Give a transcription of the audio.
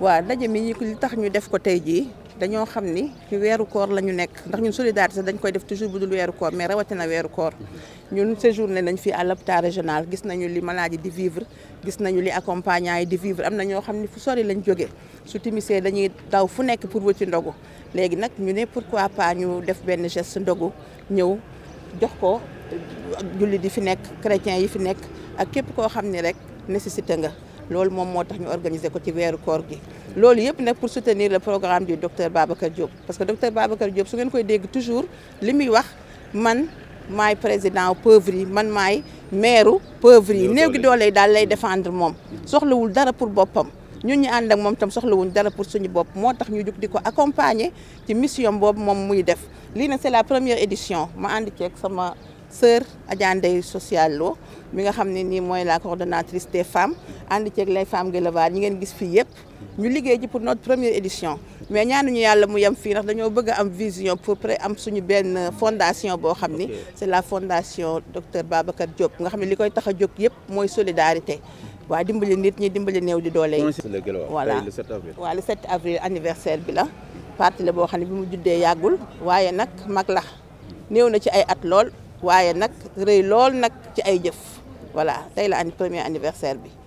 waaw ndaje mi li tax ñu def ko tey jii dañoo xam ni ci weeru koor la ñu nekk ndax ñun solidarité dañ koy def toujours bu dul weeru koor mais rawatina weeru koor ñun séjourné nañ fi à l'hôpital régional gis nañu li malade di vivre gis nañu li accompagnant yi di vivre am na ñoo xam ne fu sori lañ jóge su timisee dañuy daw fu nekk pour wuti ndogu léegi nag ñu ne pourquoi pas ñu def benn geste ndogu ñëw jox ko jullit di fi nekk chrétien yi fi nekk ak képp koo xam ni rek nécessité nga L'ol mom motax ñu organiser ko ci wéru koor gi loolu yépp nak pour soutenir le programme du docteur Babacar Diop parce que docteur Babacar Diop su ngeen koy dégg toujours li wax man may président pauvre man may maire pauvre yi gi dolé dal lay défendre moom soxlawul dara pour bopam ñun ñi and ak mom tam soxlawuñ dara pour suñu bop motax ñu juk diko accompagner ci mission Bob mom muy def li nag c'est la première édition ma ci ak sama sœur Adja Ndeye Social Lo mi nga xamni ni moy la coordonnatrice des femmes ànd ceeg les femmes Guelewar ñi ngeen gis fii yëpp ñu liggéey ci pour notre première édition mais ñaanuñu yàlla mu yem fii ndax dañoo bëgg am vision pour près am suñu benn fondation boo xam ni c'est la fondation docteur Babacar Diop nga xam ne li koy tax a jóg yëpp mooy solidarité waa dimbali nit ñi dimbali new di doole yi voilà waaw le 7 avril anniversaire bi la parti la boo xam ne bi mu juddee yàggul waaye nag mag la néew na ci ay at lool waaye nag rëy lool nag ci ay jëf voilà tey la an premier anniversaire bi